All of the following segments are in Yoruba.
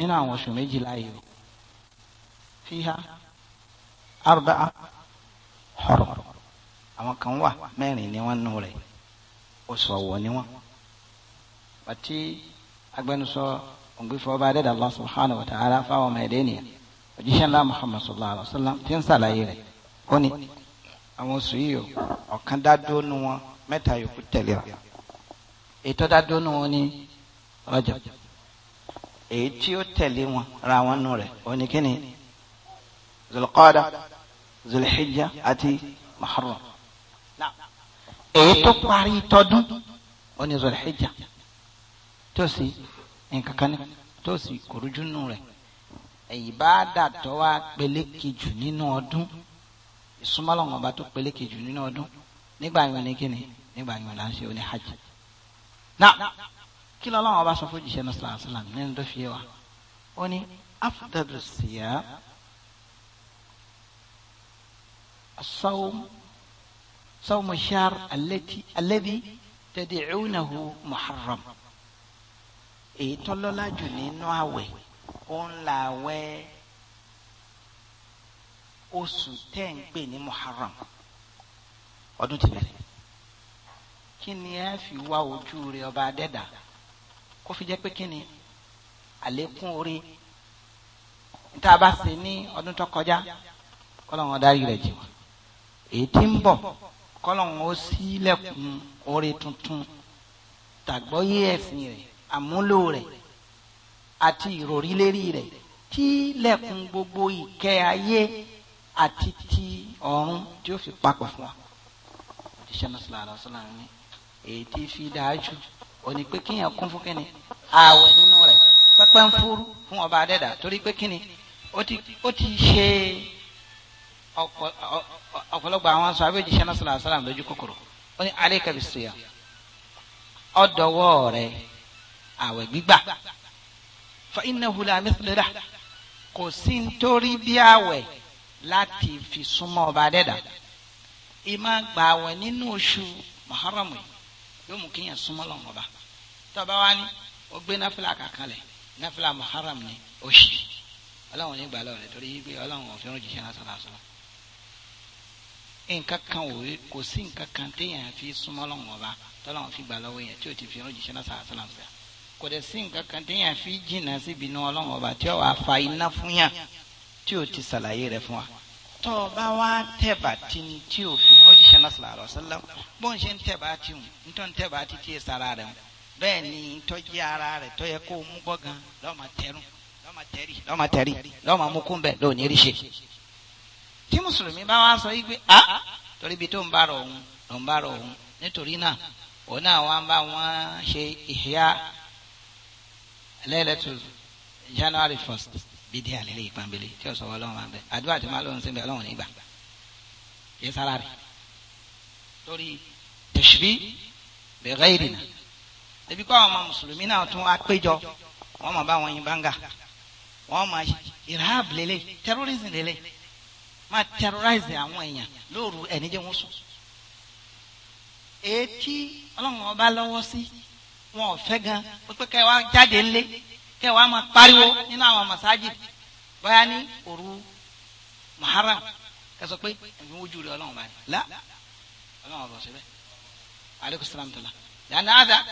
nínú àwọn oṣù méjìlá yìí fíhá arba'a họrọ àwọn kan wà mẹ́rin ni wọn nù rẹ oṣù ọwọ ni wọn bàtí agbẹnusọ ògbìfọ ọba adéda Allah subhanahu wa ta'ala fáwọn ọmọ ẹdẹ nìyẹn òjíṣẹ́ ńlá Muhammad sallallahu alaihi wa sallam ti ń sàlàyé rẹ ó ní àwọn oṣù yìí o ọ̀kan dá dónú wọn mẹ́ta yòókù tẹ̀lé wa ètò dá dónú wọn ní Rajab èyí tí ó tẹ̀lé wọn ra wọn nù rẹ̀ oníkíni zulqada zulhijja àti muharram èyí tó parí tọdún oní zulhijja tó sì nǹkan kan tó sì kòrújú nù rẹ̀ èyí bá dàtọ́ wá peléke jù nínú ọdún ìsúmọ́lọ́wọ́n ọba tó peléke jù nínú ọdún nígbà yẹn oníkíni nígbà yẹn là ń ṣe oní hajj. Now, kí lọ́la wọn bá sọ fún jíṣẹ́ náà sàlá sàlá nínú tó fi yé wa ó ní afdalu siyam as-sawm sawmu shahr allati alladhi tad'unahu muharram èyí tọ́lọ́lá jù nínú àwẹ̀ òun là wẹ́ oṣù tẹ́ ń pè ní muharram ọdún ti bẹ̀rẹ̀ kí ni fi wá ojú rẹ ọba adẹ́dàá kó fi jẹ́ pé kí ni àlékún orí tá a bá ṣe ní ọdún tó kọjá kọ́lọ́hún ọ̀darí rẹ̀ jì wá èyí tí ń bọ̀ kọ́lọ́hún ó ṣílẹ̀kùn orí tuntun tàgbọ́yé ẹ̀sìn rẹ̀ àmúlò rẹ̀ àti ìròrí lérí rẹ̀ tí lẹ̀kùn gbogbo ìkẹ́ ayé àti ti ọ̀run tí ó fi papọ̀ fún wa. òjíṣẹ́ náà sọ̀rọ̀ àlọ́ sọ́nà ní èyí tí fi dáa jù òní pé kíyàn kún fún kíni ààwẹ̀ nínú rẹ̀ pẹ́pẹ́ ń fúrú fún ọba adẹ́dà torí pé kíni ó ti ṣe ọ̀pọ̀lọpọ̀ àwọn aṣọ abéjìṣẹ́ náà sọ̀rọ̀ àṣàlàm lójú kòkòrò ó ní alayka bis-siyam ọ̀dọ̀wọ́ rẹ̀ ààwẹ̀ gbígbà fa innahu la mithla kò sí nítorí bí ààwẹ̀ láti fi súnmọ́ ọba adẹ́dà ìmọ̀ gbààwẹ̀ nínú oṣù Muharram yóò mú kíyàn súnmọ́ lọ́wọ́ ọba tọba wa ni ó gbé náfìlà kankanlẹ̀ náfìlà muharram ni ó ṣe ọlọ́run ní gbàlọ́ rẹ̀ torí pé ọlọ́run ọ̀fẹ́ òjì ṣe lásán lásán nǹkan kan ò rí kò sí nǹkan kan téèyàn fi súnmọ́ lọ́wọ́ ọba tọ́lọ́run fi gbà lọ́wọ́ yẹn tí ò ti fi òjì ṣe lásán lásán lásán kò dẹ̀ sí nǹkan kan téèyàn fi jìnnà síbi inú ọlọ́run ọba tí ó wàá fa iná fún yàn tí ò ti ṣàlàyé rẹ̀ fún wa tọ́ ọ tẹ̀bà tí ni tí ò òjì ṣe lásán lásán bó bẹ́ẹ̀ ni tọ́jú ara rẹ̀ tọ́yẹ kó mú bọ́ gan lọ́mọ tẹ̀rù lọ́mọ tẹ̀rì lọ́mọ tẹ̀rì lọ́mọ mú kún bẹ́ẹ̀ lóò rí ṣe. tí mùsùlùmí bá wá sọ yí a torí ibi tó ń bá rọ̀ òun ló ń bá rọ̀ òun nítorí náà òun náà wá ń bá wọn ṣe ìhíyá lẹ́lẹ́tù January first bídí àlẹ́lẹ́ ìpàmbélé tí ó sọ wọ́n lọ́wọ́ máa bẹ̀ àdúrà tí máa lóun sí bẹ̀ lọ́wọ́ nígbà yẹ sára rẹ̀ lórí tẹ̀síbí bẹ̀ gáírì ebi kọ́ àwọn ọmọ mùsùlùmí náà tún apéjọ wọ́n máa bá wọn yin bánga wọ́n máa irhab lele terrorism lélẹ̀ máa terrorize àwọn èèyàn lóru ẹni jẹ́ wọn sùn. etí ọlọ́run ọba lọ́wọ́ sí wọn ò fẹ́ gan pé kẹ́ wá jáde ńlé kẹ́ wá máa pariwo nínú àwọn masaji báyà ní òru muharram kẹ́ sọ pé ẹ̀mí wojú rẹ̀ ọlọ́run báyìí la ọlọ́run ọba ọ̀sẹ̀ bẹ́ẹ̀ aleykum salaam tó la. لأن هذا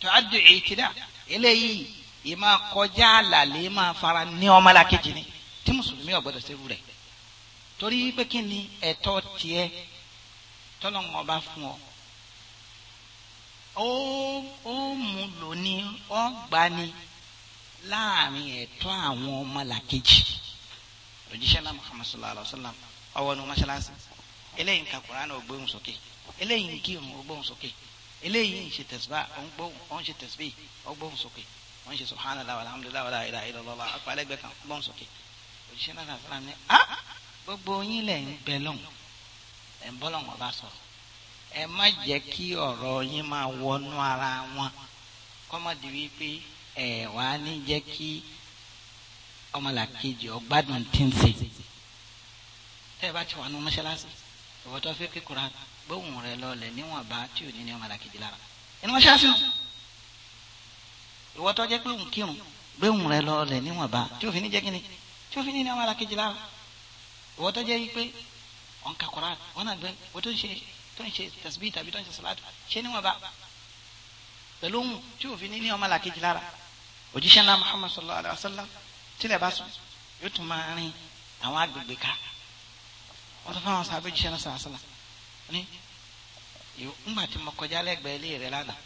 تعد اعتداء eléyìí ìmọ̀ kọjá àlàlé máa fara ní ọmọlàkejì ni tí mùsùlùmí ọ̀gbọ́dọ̀ ṣerú rẹ̀ torí pé kí ni ẹ̀tọ́ tiẹ̀ tọ́lọ́mọ bá fún ọ. ó ó mú lò ní ọgbà ni láàrin ẹ̀tọ́ àwọn ọmọlàkejì òjíṣẹ́ náà muhammad sallallahu alayhi wa sallam ọwọ́ nu mọ́ṣáláṣí eléyìí ń ka kuraani ó gbóhùn sókè eléyìí ń kírun ó gbóhùn sókè eléyìí ń ṣe tẹ̀síbá ọ̀n ṣe tẹ̀síbí ọgbọ́n sókè wọ́n ṣe subhanallah alhamdulillah wàlá ilà ilà lọ́la apalẹ́gbẹ́ kan ọgbọ́n sókè òjíṣẹ́ náà sàn sàn ní a gbogbo yín lẹ̀ ń bẹ lọ́hùn ẹ̀ ń bọ́ lọ́hùn ọba sọ̀rọ̀ ẹ má jẹ́ kí ọ̀rọ̀ yín máa wọnú ara wọn kọ́mọdé wípé ẹ̀ wá ní jẹ́ kí ọmọlàkejì ọgbádùn tí ń ṣe tẹ́ ẹ bá ti wà ní mọ́ṣáláṣí ìwọ́tọ́ fẹ́ kíkura gbóhùn rẹ lọlẹ̀ níwọ̀nba tí ò ní ní ọmọ làkejì lára ẹni wọ́n ṣáà sínú ìwọ tó jẹ́ pé òun kírun gbóhùn rẹ lọlẹ̀ níwọ̀nba tí ò fi ní jẹ́ kínní tí ò fi ní ní ọmọ làkejì lára ìwọ tó yí pé ọ̀n ka wọn náà gbẹ wọ́n tó ń ṣe tó ń ṣe tasbih tàbí tó ń ṣe salatu ṣe níwọ̀nba pẹ̀lú òun tí ò fi ní ní ọmọ làkejì lára òjíṣẹ́ náà Muhammad sallallahu alayhi wa sallam tílẹ̀ ní ńgbà tí mo kọjá lẹ́gbẹ̀ẹ́ ilé rẹ̀ lánàá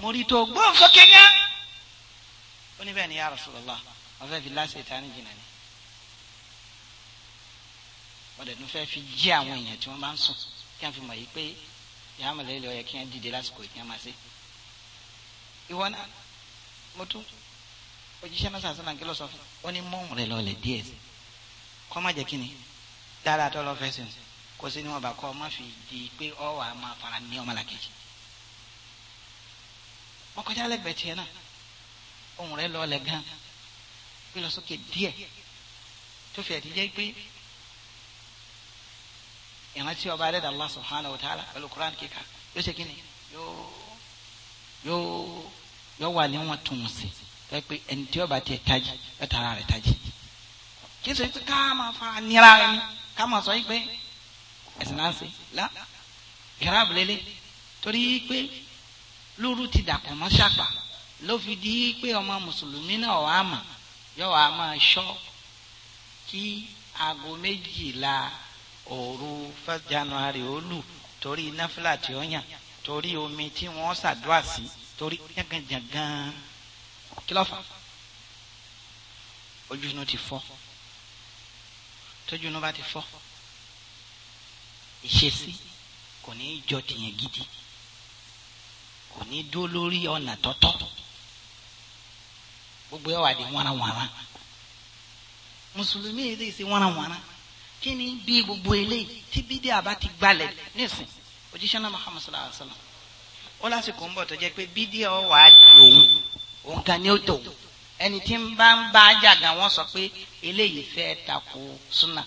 mo rí tó gbọ́ nǹkan kẹ́kẹ́ ó ní bẹ́ẹ̀ ni ya Rasulullah wọ́n fẹ́ fi láṣẹ ìtaní jìnnà ni wọ́n dẹ̀ tún fẹ́ fi jí àwọn èèyàn tí wọ́n bá ń sùn kí wọ́n fi mọ̀ yìí pé ìyá àmàlẹ́ ilé ọ̀yẹ́ kí wọ́n dìde lásìkò kí wọ́n máa ṣe. ìwọ náà mo tún òjíṣẹ́ náà sàṣẹ́ náà kí ló sọ fún un ó ní mọ́ọ̀mù rẹ̀ lọ́ọ̀lẹ̀ díẹ̀ kọ́ má jẹ́ kí ni dáadáa tó lọ́ọ́ fẹ́ sẹ́yìn kó sí níwọ̀n bá kọ́ ọ má fi di pé ọ wà á máa fara ní ọmọlàkejì wọ́n kọjá lẹ́gbẹ̀ẹ́ tiẹ̀ náà ohun rẹ̀ lọ́ọ́ lẹ̀ gan gbé lọ sókè díẹ̀ tó fi ẹ̀dí jẹ́ pé ìrántí ọba alẹ́ Allah subhanahu wa ta'ala pẹ̀lú Quran kíkà yóò ṣe kí ni yóò yóò yóò wà níwọ̀n tún un sí ẹ pé ẹni tí ọba tiẹ̀ tají ẹ tara rẹ̀ tají kí n sọ pé ká máa fa nira rẹ ni ká máa sọ yìí pé ẹ̀sìn náà ṣe lá ìhàràbù lélẹ̀ torí pé lóru ti dàpọ̀ mọ́ ṣàpà ló fi di pé ọmọ mùsùlùmí náà wàá mà yọ wàá máa ṣọ́ kí aago méjìlá òru first january ó lù torí náfìlà tí ó yàn torí omi tí wọ́n ṣàdúrà sí torí jàngànjàngàn kí ló fà ojú inú ti fọ́ tójú inú bá ti fọ́ ìṣesí kò ní í jọ tìyẹn gidi kò ní í dúró lórí ọ̀nà tọ́tọ́ gbogbo ẹ̀ wà di wánawàna mùsùlùmí yìí sì wánawàna kí ni bí gbogbo eléyìí tí bídé àbá ti gbalẹ̀ nísìn òjíṣẹ́ náà Muhammad sallallahu alayhi wa sallam ó lásìkò ń bọ̀ tó jẹ́ pé bídé ọ̀ wà á di òun òun kan ní ó tòun ẹni tí ń bá ń bá a wọ́n sọ pé eléyìí fẹ́ tako súnà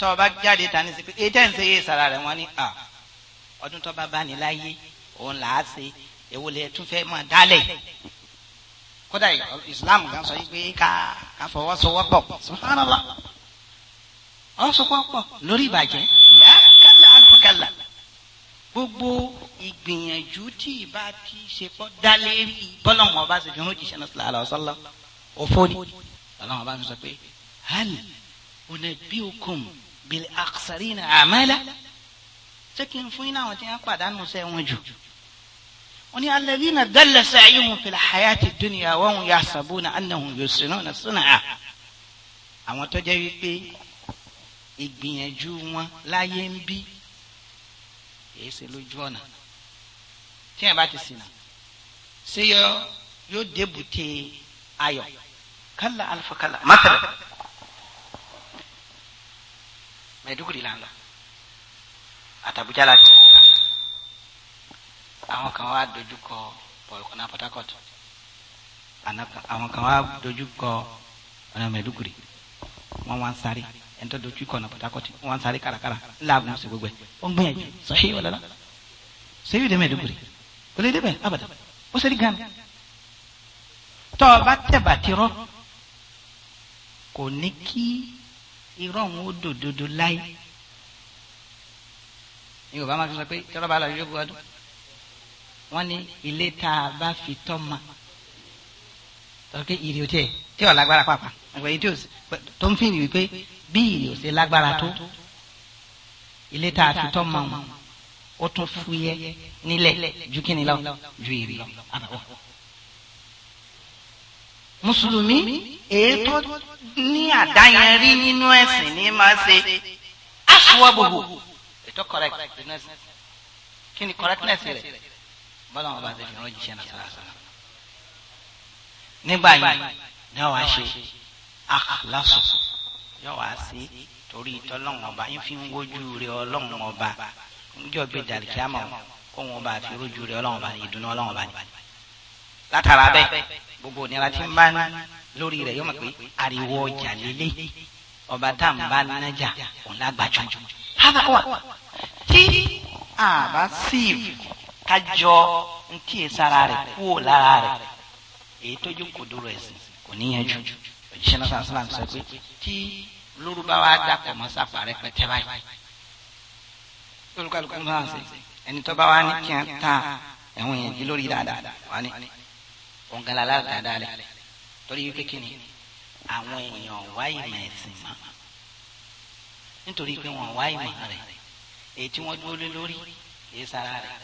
tọ́ ọba jáde ta ní sípé èyí tẹ́ǹsẹ̀ yé sara rẹ̀ wọ́n ní à ọdún tọ́ bá bá ní láyé òun là á ṣe èwo lè tún fẹ́ máa dálẹ̀ kódà Islam gan sọ yìí pé ká ká fọwọ́sowọ́pọ̀ subhanallah ọ̀sowọ́pọ̀ lórí ìbàjẹ́ kálá àlùkálà gbogbo ìgbìyànjú tí ìbá ti ṣe pọ́ dálérí bọ́lọ́mọ̀ ọba ṣe fi hàn jíṣẹ́ náà sallallahu alaihi òfò ni ọlọ́mọ̀ mi sọ pé hàn ònà bí okùn bil aksarina amala ṣé kí n fún yín àwọn tí wọ́n pàdánù sẹ́ wọn jù wọ́n ní alladhina dalla sa'yuhum fil hayati dunya wa hum yahsabuna annahum yusinuna sun'a àwọn tó jẹ́ wípé ìgbìyànjú wọn láyé ń bí èyí ṣe lójú ọ̀nà tí yẹn bá ti sìn náà ṣé yóò débùté ayọ̀ kálá alfa kálá mọ́tàlá. Maiduguri là ń lọ àtàbújá la ti àwọn kan wá dojú kọ ọ̀nà Port Harcourt àwọn kan wá dojú kọ ọ̀nà Maiduguri wọ́n wá ń sáré ẹni tó dojú kọ ọ̀nà Port Harcourt wọ́n wá ń sáré kárakára láàgùn sí gbogbo ẹ̀ ó gan tọ́ ọ bá irọ́ òun ó dòdòdò láyé yorùbá máa sọ pé tọ́lọ́ba àlọ́ yóò gbọ́dọ̀ wọ́n ní ilé tá a bá fi tọ́ ma tọ́kẹ́ ìrì òtí ẹ̀ tí ò lágbára pàápàá àgbẹ̀ yìí tó ń fi ìrì wípé bí ìrì òtí lágbára tó ilé tá a fi tọ́ ma wọn ó tún fúyẹ́ nílẹ̀ ju kíni lọ ju ìrì lọ àbàwọ̀ mùsùlùmí èyí ní àdáyẹnrí nínú ẹ̀sìn ní máa ṣe aṣọwọ́bòbò ètò correctness kí ni correctness rẹ̀ bọ́lá wọn bá ti fi ràn jíṣẹ́ náà sọ́ra sọ́ra nígbà yìí ni wàá ṣe akhlasu yóò wá sí torí ìtọ́lọ́wọ́n ọba yín fi ń wojú rẹ ọlọ́wọ́n ọba ń jọ gbé kó wọn bá fi rójú rẹ ọlọ́wọ́n ìdùnnú ọlọ́wọ́n ọba látara bẹ́ẹ̀ gbogbo ìnira tí ń bá lórí rẹ̀ yọmọ pé ariwo ọjà lélẹ̀ ọba tá à ń bá nájà òun lágbàjọ. hádà wà tí àbá síìf kájọ ń kíyè sára rẹ̀ kúò lára rẹ̀ èyí tó jó kò dúró ẹ̀sìn kò níyànjú òjíṣẹ́ náà sàn sílám sọ pé tí lórúbá wa dàpọ̀ mọ́ sáfà pẹ́tẹ́ báyìí lórúkọ àlùkò ń bá wọn sè ẹni tó bá wa ní kí n ta ẹ̀wọ̀n yẹn jí lórí dáadáa wà ní òǹgalà aládàáda rẹ torí wípé kí ni àwọn èèyàn wá ìmọ̀ ẹ̀sìn mọ́ nítorí pé wọ́n wá ìmọ̀ rẹ̀ èyí tí wọ́n dúró lé lórí èyí sára rẹ̀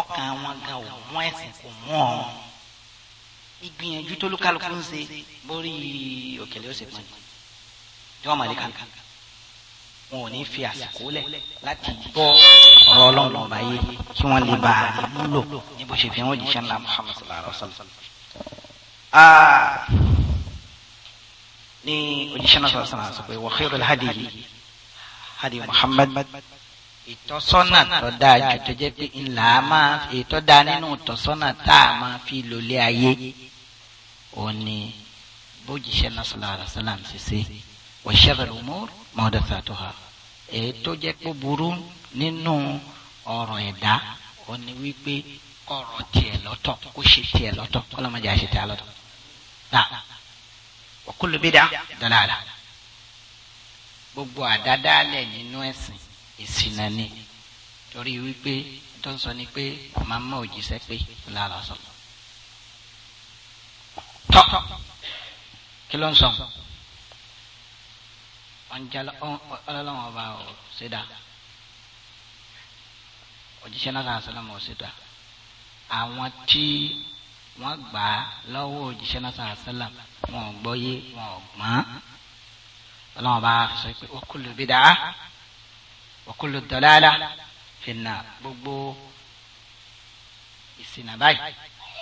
ọkàn wọn gan ò mú ẹ̀sìn kò mú ọ̀run ìgbìyànjú tó lúkálùkù ń ṣe borí òkèlè ó sì pọn ní wọn màlẹ kankan wọn ò ní fi àsìkò lẹ láti gbọ́ ọ̀rọ̀ Ọlọ́run ọba yìí kí wọn lè bá a múlò ní bó ṣe fi hàn òjíṣẹ́ ńlá Muhammad sallallahu alaihi wa sallam ní òjíṣẹ́ náà sọ̀rọ̀ sọ̀rọ̀ pé wà khairul hadi hadi muhammad ìtọ́sọ́nà tó dáa jù tó jẹ́ pé ńlá máa ètò dáa nínú ìtọ́sọ́nà tá a máa fi lòlé ayé òun ni bójíṣẹ́ náà sọ̀rọ̀ àrà sálàm ṣiṣẹ́ wa sharrul umur muhdathatuha èyí tó jẹ́ pé burú nínú ọ̀rọ̀ ẹ̀dá òun ni wípé kọ̀rọ̀ tiẹ̀ lọ́tọ̀ kó ṣe tiẹ̀ lọ́tọ̀ kọ́lọ́mọdé àṣetẹ̀ àlọ́tọ̀. نعم وكل بدعة دلالة gbogbo àdádálẹ̀ nínú ẹ̀sìn ìṣìnà ni torí wípé tó ń sọ ni pé kò máa mọ òjíṣẹ́ pé lára sọ. tọ́ kí ló ń sọ ọlọ́lọ́wọ́n ọba ò ṣe dá òjíṣẹ́ náà sọ̀rọ̀ mọ̀ ò ṣe dá àwọn tí wọ́n gbà á lọ́wọ́ òjíṣẹ́ náà sàásálà wọn ò gbọ́yé wọn ò gbọ́n. ọlọ́wọ́n bá sọ pé wa kullu bid'ah wa kullu dalalah fìnnà gbogbo ìsìnà báyìí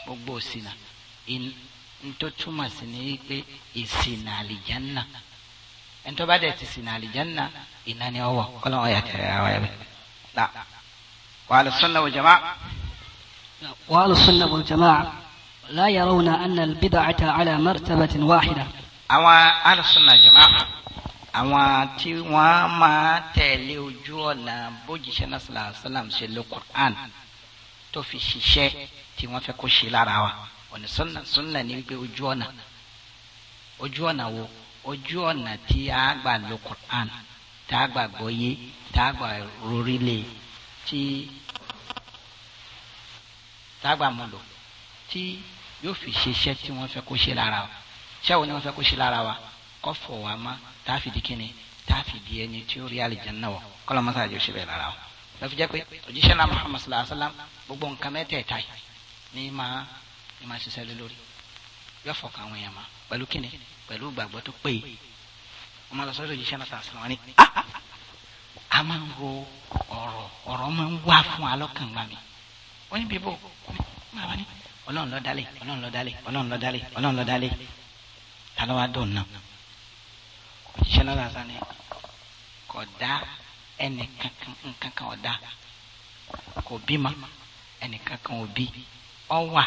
gbogbo ìsìnà ntó túmọ̀ sí ni pé ìsìnà àlìjánná ntó bá dẹ̀ ti sìnà àlìjánná iná ni ọwọ́ ọlọ́wọ́n yà tẹ̀lé àwọn ẹ̀rọ. وعلى السنة والجماعة وعلى السنة والجماعة لا يرون أن البدعة على مرتبة واحدة àwọn alùsùnà jama'a àwọn tí wọ́n máa tẹ̀lé ojú ọ̀nà bójìṣẹ́ náà sàlá sàlám ṣe ló quran tó fi ṣiṣẹ́ tí wọ́n fẹ́ kó ṣe lára wa ọ̀nà sunna sunna ni wípé ojú ọ̀nà ojú ọ̀nà wo ojú ọ̀nà tí a gbà ló quran tá a gbà gbọ́yé tá a gbà rorílẹ̀ tí tá a gbà mú lò tí yóò fi ṣiṣẹ́ tí wọ́n fẹ́ kó ṣe lára wa ṣẹ́wọ́ ni wọ́n fẹ́ kó ṣe lára wa kọ́ fọ̀ wá má tá a fi di kíni tá a fi di ẹni tí ó rí àlìjánnà wọ̀ kọ́lọ́ mọ́sá yóò ṣe bẹ́ẹ̀ lára wa. lọ́fi jẹ́ pé òjíṣẹ́ náà Muhammad sallallahu alayhi wa sallam gbogbo nǹkan mẹ́tẹ̀ẹ̀ta yìí ni máa ni máa ṣiṣẹ́ lé lórí yóò fọkàn àwọn èèyàn má pẹ̀lú kíni pẹ̀lú ìgbàgbọ́ tó péye wọ́n máa lọ sọ́dọ̀ òjíṣẹ́ náà sàṣà wọn ni a máa ń ọlọ́run ló dálẹ̀ ọlọ́run ló dálẹ̀ ọlọ́run ló dálẹ̀ ọlọ́run ló dálẹ̀ ta ló wá dùn náà òṣìṣẹ́ náà lásán ni kò dá ẹnì kankan nkankan ọ̀dá kò bímọ ẹnì kankan ò bí ọ wà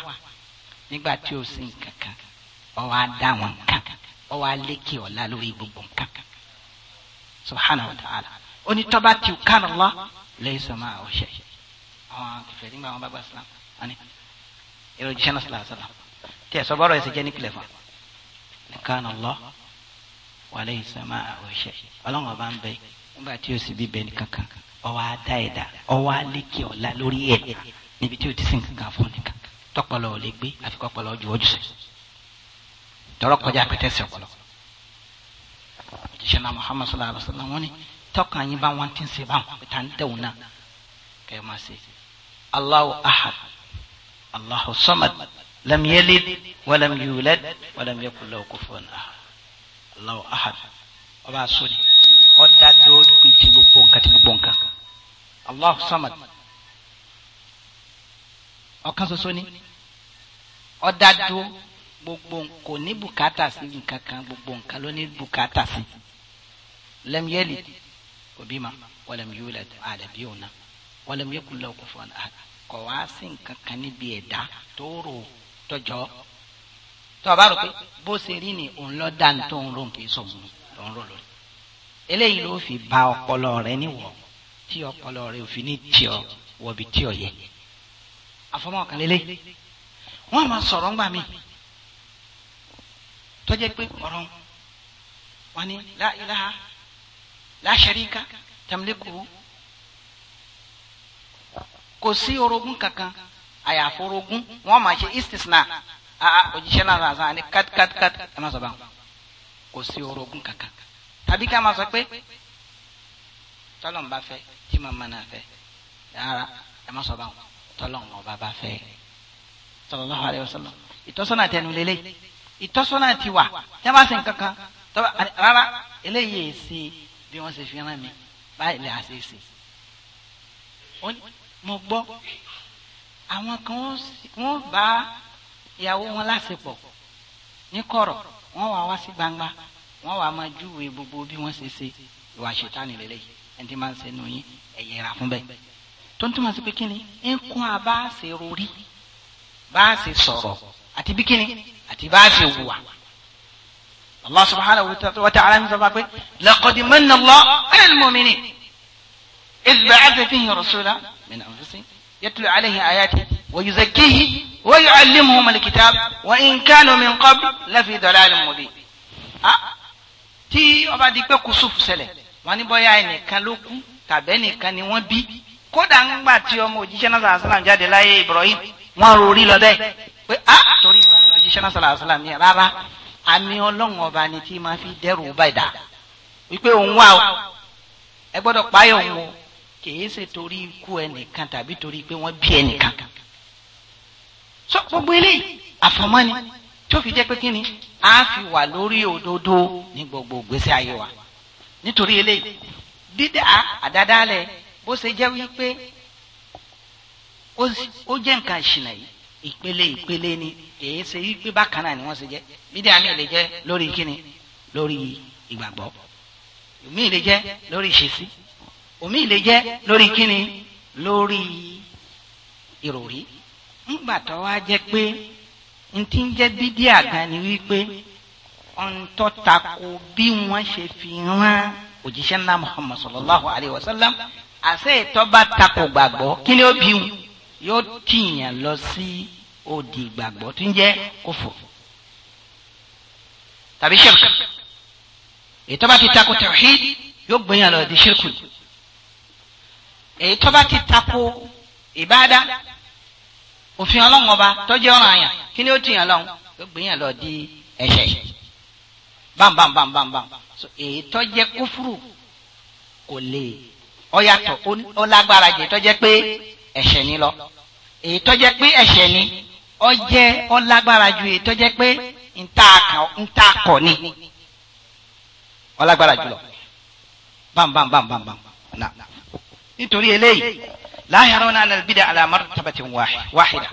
nígbà tí o sì nkankan ọ wá dá wọn nkan ọ wá lékè ọ̀la lórí gbogbo nkan subhanahu wa ta'ala onítọ́ba tí o kan lọ lẹ́yìn sọ́mà ọ̀ṣẹ́ àwọn kìfẹ́ nígbà wọn bá gba Islam ìrò jíṣẹ́ náà sàlàyé sàlàm tí ẹ̀ sọ́bọ́rọ̀ ẹ̀ sì jẹ́ nípìnlẹ̀ fún nìkan Allah wà lẹ́yìn sọ́mà àwòṣe ọlọ́run ọba ń bẹ nígbà tí yóò sì bí bẹ́ẹ̀ nìkankan ọwọ́ adá ẹ̀dá ọwọ́ alékè ọ̀la lórí ẹ̀ níbi tí yóò ti sìn kankan fún nìkan tọpọlọ ò lè gbé àfikọ́pọlọ ju ojú sí tọrọ kọjá pẹtẹsẹ ọpọlọ òjíṣẹ́ náà Muhammad sallallahu alaihi wa sallam wọn ni tọkàn yín bá wọn ti ń ṣe báwọn pẹ̀tà ń tẹ̀wọ̀n náà kẹ́ ẹ máa ṣe Allahu ahad Allahu samad lam yalid walam yulad walam yakun lahu kufuwan ahad Allahu ahad ọba asọni ọdá dúró ti gbogbo nǹkan ti gbogbo nǹkan Allahu samad ọ̀kan ṣoṣo ni ọdá dúró gbogbo kò ní bùkátà sí nǹkan kan gbogbo nǹkan ló ní bùkátà sí lam yalid òbí ma walam yulad àdàbí òun náà lahu kufuwan ahad kò wá sí nǹkan kan níbi ẹ̀dá tó rò tọjọ́ tó o bá rò pé bó ṣe rí ni òun lọ dá ní tó ń rò nǹkan èso òun ló ń rò lórí eléyìí ló fi ba ọpọlọ rẹ níwọ̀ tí ọpọlọ rẹ òfin ní tiọ wọbi tiọ yẹ àfọmọkàn lélẹ wọn máa sọ̀rọ̀ ńgbà mi tọjẹ pé ọ̀rọ̀ wọn ni la ilaha kò sí orogún kankan àyàfo orogún wọn máa ṣe istisna aa òjíṣẹ́ náà rà sàn ni kat kat kat ẹ má sọ báwọn kò sí orogún kankan tàbí ká máa sọ pé tọ́lọ́mùbá fẹ́ tí màmá náà fẹ́ rárá ẹ má sọ báwọn tọ́lọ́mùbá bá fẹ́ sallallahu alaihi wasallam ìtọ́sọ́nà tẹnu lélẹ̀ ìtọ́sọ́nà ti wà tẹ́ bá ṣe nǹkan kan rárá eléyìí èsì bí wọ́n ṣe fi rán mi báyìí lè àṣẹ èsì mo gbọ́ àwọn kan wọ́n bá ìyàwó wọn láṣepọ̀ ní kọ̀rọ̀ wọ́n wá wá sí gbangba wọ́n wá máa júwe gbogbo bí wọ́n ṣe ṣe ìwà ṣètánì lélẹ́yìí ẹni tí máa ń ṣe nù yín ẹ fún bẹ́ẹ̀ tó ń túmọ̀ sí pé kíni ń kún a bá ṣe rori bá ṣe sọ̀rọ̀ àti bí kíni àti bá ṣe wùwà. Allah subhanahu wa ta'ala ń sọ fún wa pé laqad manna Allah ala al-mu'minin idh ba'atha من أنفسهم يتلو عليه آياته ويزكيه ويعلمهم الكتاب وإن كانوا من قبل لفي ضلال مبين tí ọba di pé kùsùfù ṣẹlẹ̀ wọ́n ní bóyá ẹnìkan ló kú tàbí ẹnìkan ni wọ́n bí kódà ńgbà tí ọmọ òjíṣẹ́ náà sàlá sàlám jáde láyé Ibrahim wọ́n rorí lọ bẹ́ẹ̀ pé á torí òjíṣẹ́ náà sàlá sàlám ní rárá àmì ọlọ́run ọba ni tí máa fi dẹ́rù bá ìdá wípé òun wà ó ẹ gbọ́dọ̀ páyọ̀ òun o kìí ṣe torí ikú ẹnìkan tàbí torí pé wọ́n bí ẹnìkan sọ gbogbo eléyìí àfọmọ́ni tó fi jẹ́ pé kí ni a fi wà lórí òdodo ní gbogbo ìgbésí ayé wa nítorí eléyìí dídá àdádálẹ̀ bó ṣe jẹ́ wípé ó jẹ́ nǹkan ìṣìnà yìí ìpele ìpele ni kìí ṣe wípé bákan náà ni wọ́n ṣe jẹ́ dídá mi lè jẹ́ lórí kíni lórí ìgbàgbọ́ mi lè jẹ́ lórí ìṣesí omi lè jẹ́ lórí kíni lórí ìròrí ńgbà tó wá jẹ́ pé n ti ń jẹ́ bídíà gan ni wípé ọ̀ǹtọ́ tako bí wọ́n ṣe fi rán òjíṣẹ́ ńlá muhammad sallallahu alayhi wa sallam àṣẹ ìtọ́ba tako gbàgbọ́ kí ni ó bí wọn yóò tìyàn lọ sí òdì gbàgbọ́ tó ń jẹ́ kófò tàbí ṣirku ìtọ́ba ti tako tawhid yóò gbẹ̀yàn lọ di ṣirku èyí tó bá ti tako ìbáadá òfin ọlọ́run ọba tó jẹ́ ọ̀ràn àyàn kí ni ó ti yàn lọ́hùn ó gbìyàn lọ di ẹ̀ṣẹ̀ bámbámbámbámbám èyí tó jẹ́ kúfúrú kò lè ó yàtọ̀ ó lágbára jẹ́ tó jẹ́ pé ẹ̀ṣẹ̀ ni lọ èyí tó jẹ́ pé ẹ̀ṣẹ̀ ni ó jẹ́ ó lágbára ju èyí tó jẹ́ pé ntà kọ̀ ni ó lágbára jùlọ bámbámbámbámbám náà nítorí eléyìí la yaruna anna al-bid'a ala martabatin wahida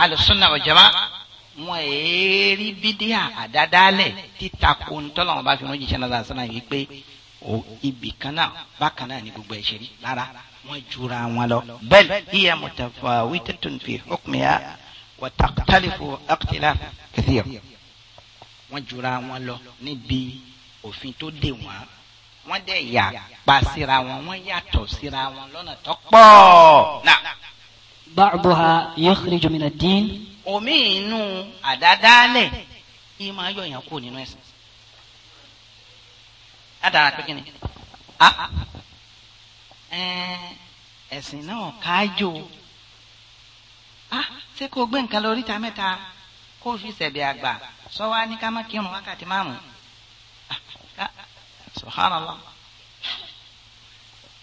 ahlus sunnah wal jamaa wọn èérí bídíà àdádálẹ̀ títakò ntọ́lọ́wọ́n bá fi wọn jíṣẹ́ náà sọ́nà yìí pé ibì kan náà bákan náà ni gbogbo ẹ̀ṣẹ̀ rí rárá wọn jura wọn lọ. bal hiya mutafawitatun fi hukmiha wa taqtalifu ikhtilaf kathir. wọn jura wọn lọ níbi òfin tó dè wọn wọ́n dẹ̀ yà pa síra wọn wọ́n yàtọ̀ síra wọn lọ́nà tó pọ̀. ba'duha yukhriju min ad-din. omi inú àdádálẹ̀ yìí máa yọ ìyàn kú nínú ẹ̀sìn. látara pé kíni ẹ̀sìn náà kájò ṣé kò gbé nǹkan lóríta mẹ́ta kó fi ṣẹ̀bẹ̀ àgbà sọ wá ní ká má kírun wákàtí márùn-ún subhanallah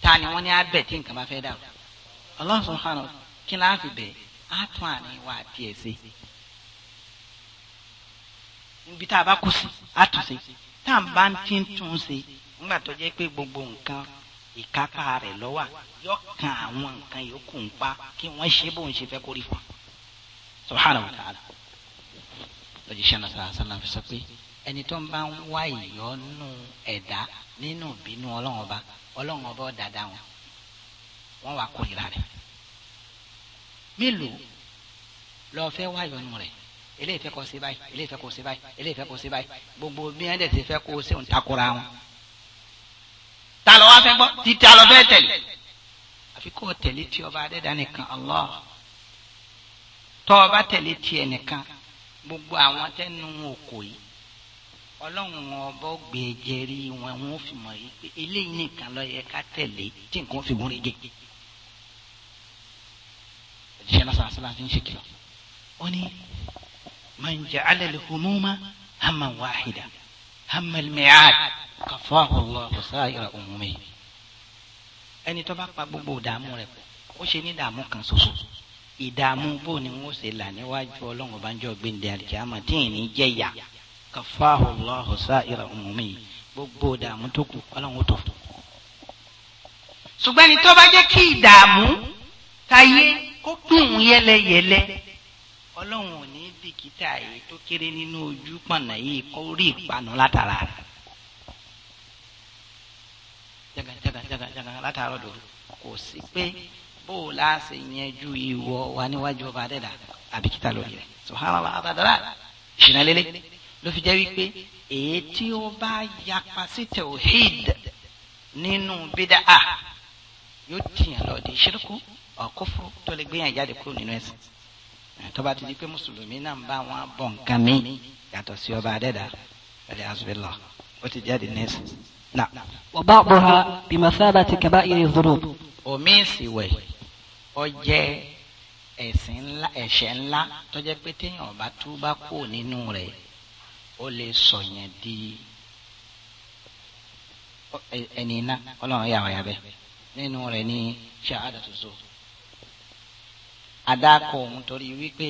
ta ni wọn ni a bẹ tí nǹkan bá fẹ́ dà o allah subhanallah kí ni a fi bẹ a tún àní wa tiẹ̀ ṣe níbi tá a bá kú sí a tún ṣe tá a bá ń tí ń tún ṣe nígbà gbogbo nǹkan ìkápá rẹ̀ lọ́wọ́ yóò kan àwọn nǹkan yòókù ń pa kí wọ́n ṣe bóun ṣe fẹ́ kórìí fún subhanahu wa ta'ala lójijì sànà sàlá sọ pé ẹni tó ń bá ń wá ìyọ́nú ẹ̀dá nínú ìbínú ọlọ́run ọba ọlọ́run ọba ọ̀dàdà wọn wọn wà kórìíra rẹ̀ mélòó lọ́ọ́ fẹ́ wá ìyọ́nú rẹ̀ eléyìí fẹ́ kó ṣe báyìí eléyìí fẹ́ kó ṣe báyìí eléyìí fẹ́ kó ṣe báyìí gbogbo bí wọ́n dẹ̀ ti fẹ́ kó ṣe ń takora wọn. ta ló wá fẹ́ gbọ́ títí a lọ fẹ́ tẹ̀lé àfi kó tẹ̀lé tí ọba adẹ́dá nìkan Allah tọ́ ọba tẹ̀lé tiẹ̀ nìkan gbogbo àwọn tẹ́nu wọn yìí ọlọ́run ọbọ̀ gbé jẹrí wọn wọn fi mọ̀ yìí pé eléyìí nìkan ló yẹ ká tẹ̀lé tí nǹkan fi gún régé. òjíṣẹ́ náà sọ̀rọ̀ sọ́la fi ń ṣèkìlọ̀ ó ní man ja'ala al-humuma hamman wahida hamma al-mi'ad kafahu Allahu sa'ira umumi. ẹni tó bá pa gbogbo ìdààmú rẹ̀ ó ṣe ní ìdààmú kan ṣoṣo ìdààmú bó ni wọ́n ṣe là níwájú ọlọ́run ọba ń àlìkè àmọ́ kafahu Allahu sa'ira umumi gbogbo dààmú tó kù ọlọ́run ó tó fún un. ṣùgbọ́n ẹni tó bá jẹ́ kí ìdààmú táyé kó kùn yẹlẹyẹlẹ ọlọ́run ò ní bìkítà yìí tó kéré nínú ojú pọ̀nà yìí kó rí ìpanu látara rẹ̀. jaga jaga jaga jaga látara dò kò sí pé bó o láàṣẹ yanjú ìwọ wa níwájú ọba adẹ́dà àbíkítà lórí rẹ̀ subhanallah àtàdàrà ìṣìnà lélẹ̀ ló fi jẹ́ wípé èyí tí ó bá yapa sí tawhid nínú bídà á yóò tìyàn lọ di ṣírkù ọ̀kúfúrú tó lè gbéyàn jáde kúrò nínú ẹ̀sìn tó bá ti di pé mùsùlùmí náà ń bá wọn bọ̀ nǹkan mi yàtọ̀ sí ọba adẹ́dà ẹ̀rẹ́ azubila ó ti jáde ní ẹ̀sìn. wa ba'daha bi mathabati kaba'iri dhunub. omi ìsìwẹ̀ ó jẹ́ ẹ̀sìn ńlá ẹ̀ṣẹ̀ ńlá tó jẹ́ pé téèyàn túbá kúrò nínú rẹ̀ ó lè sọ̀yàn di ẹni iná ọlọ́run yà wáyà bẹ́ẹ̀ nínú rẹ̀ ní ṣahadatu zuhd adáko òun torí wípé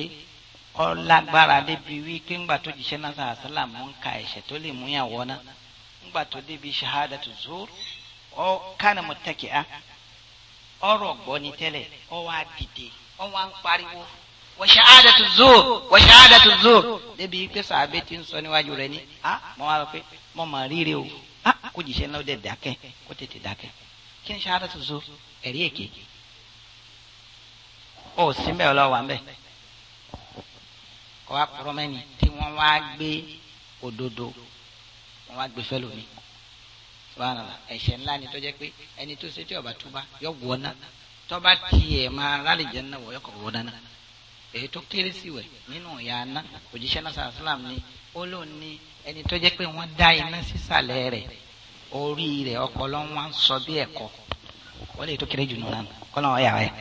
ọ lágbára débi wípé ńgbà tó jíṣẹ́ náà sàásálà mú ń ka ẹ̀ṣẹ̀ tó lè mú yàn wọ́ná ńgbà tó débi ṣahadatu ọ kánà gbọ́ ni tẹ́lẹ̀ ọ wá dìde wàṣáàdàtú zòr wàṣáàdàtú zòr débi pé sàbẹ ti ń sọ níwájú rẹ ni a ah, mọ wá pé mọ mà rírẹ o a ah, kò jìṣẹ náà dẹ dákẹ́ kó tètè dákẹ́ kí ni ṣáàdàtú zòr ẹrí èké ó sì mbẹ ọlọwà mbẹ kọ wá kúrọ mẹni tí wọn wá gbé òdodo wọn wá gbé fẹlẹ mi subhanallah ẹ̀ṣẹ̀ ńlá ni tó jẹ́ pé ẹni tó ṣe tí ọba túbá yọ wọ náà tọba tiẹ̀ máa rálẹ jẹ náà wọ yọkọ wọ dáná èyí tó kéré sí wẹ̀ nínú ìyá aná òjíṣẹ́ náà sàlám ni ó lóun ní ẹni tó jẹ́ pé wọ́n dá iná sísàlẹ̀ rẹ̀ orí rẹ̀ ọpọlọ wọn ń sọ bí ẹ̀kọ́ wọ́n lè tó kéré jù nínú náà kọ́ náà ọ̀yà rẹ̀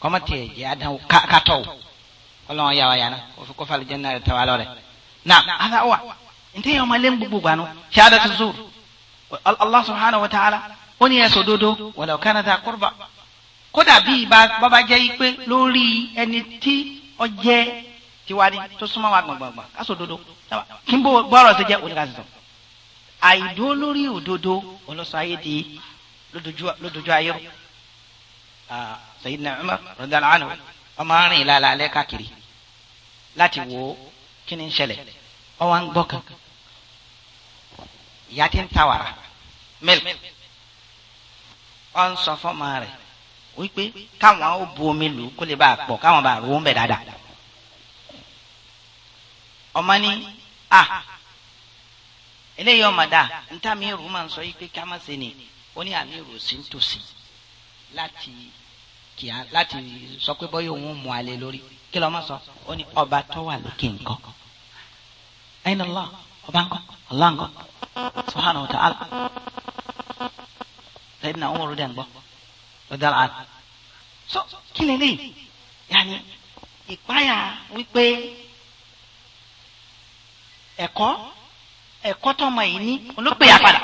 kọ́mọ tiẹ̀ jẹ́ adáwó kátó kọ́ náà ọ̀yà ọ̀yà náà kó fi kó falẹ̀ jẹ́nà rẹ̀ náà ala wa ntẹ́ yẹn ọmọ ń gbogbo gbanu ṣáadà tó zuru Allah subhanahu kódà bí ibà bọ́bá jẹ́ yí pé lórí ẹni tí ọjẹ́ tiwari tó súnmọ́ wa gbọ̀ngbọ̀ngbọ̀n káṣọ òdodo kí n bó gbọ́rọ̀ ṣe jẹ́ oníkàṣọ. àìdúró lórí òdodo ọlọ́sọ ayé di lódojú ayé rò Sayyidina Umar radiyallahu anhu ọmọ arìn ìlàlà alẹ́ káàkiri láti wo kí ni ń ṣẹlẹ̀ ọwọ́ ń gbọ́ kan ìyá ti ń ta wàrà ọ̀ ń sọ fọ́ọ̀mù rẹ̀. wípé káwọn ó bu omi lù kó lè bá a pọ̀ káwọn bá ro a eléyìí ọmọ dà níta mi rò máa ń sọ yìí ká má ni ó ní àmì rò sí láti kìá láti sọ pé bọ́yọ̀ òun mú alẹ́ lórí kí sọ ó ní ọba tó wà lókè nǹkan ẹ̀yin lọ́ọ́ ọba nǹkan ala. náà ó ń lọ́jà rà á. sọ kí lè lè yàní ìpáyà wípé ẹ̀kọ́ ẹ̀kọ́ tọmọ yìí ní olóògbé yà padà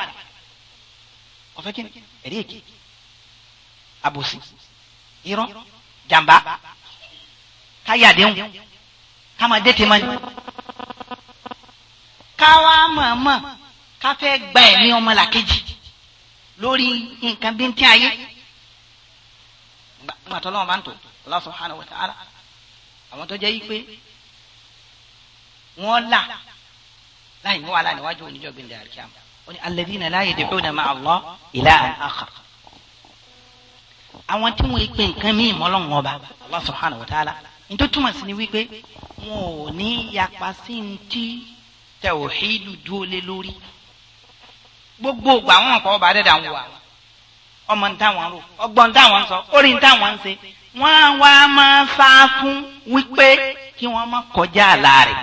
ọ̀fẹ́ kí ni ẹ̀rí èké àbòsí irọ́ jàmbá káyà déhùn ká máa dé tèmọ́ ni káwa mọ̀ọ́mọ̀ ká fẹ́ gba ẹ̀mí ọmọlàkejì lórí nǹkan bíntín ayé gbà tó lọ́wọ́ bá ń tò Allah subhanahu wa ta'ala àwọn tó jẹ́ yí pé wọ́n là láì mú wàhálà níwájú oníjọ́ gbẹ̀ndẹ̀ àríkàm ó ní alladhina la yad'una ma'a Allah ilahan akhar àwọn tí wọ́n pe nǹkan mí ìmọ̀lọ́wọ́n ọba Allah subhanahu wa ta'ala nítorí túmọ̀ sí ni wípé wọn ò ní yapa sí ní tí tawhidu dúró lé lórí gbogbo ògbà wọn kọ́ ọba dẹ́dà ń wà wọn ọmọ ń táwọn rò ọgbọ́n táwọn ń sọ orí ń táwọn ń ṣe wọ́n á wá máa sá fún wípé kí wọ́n má kọjá àlá rẹ̀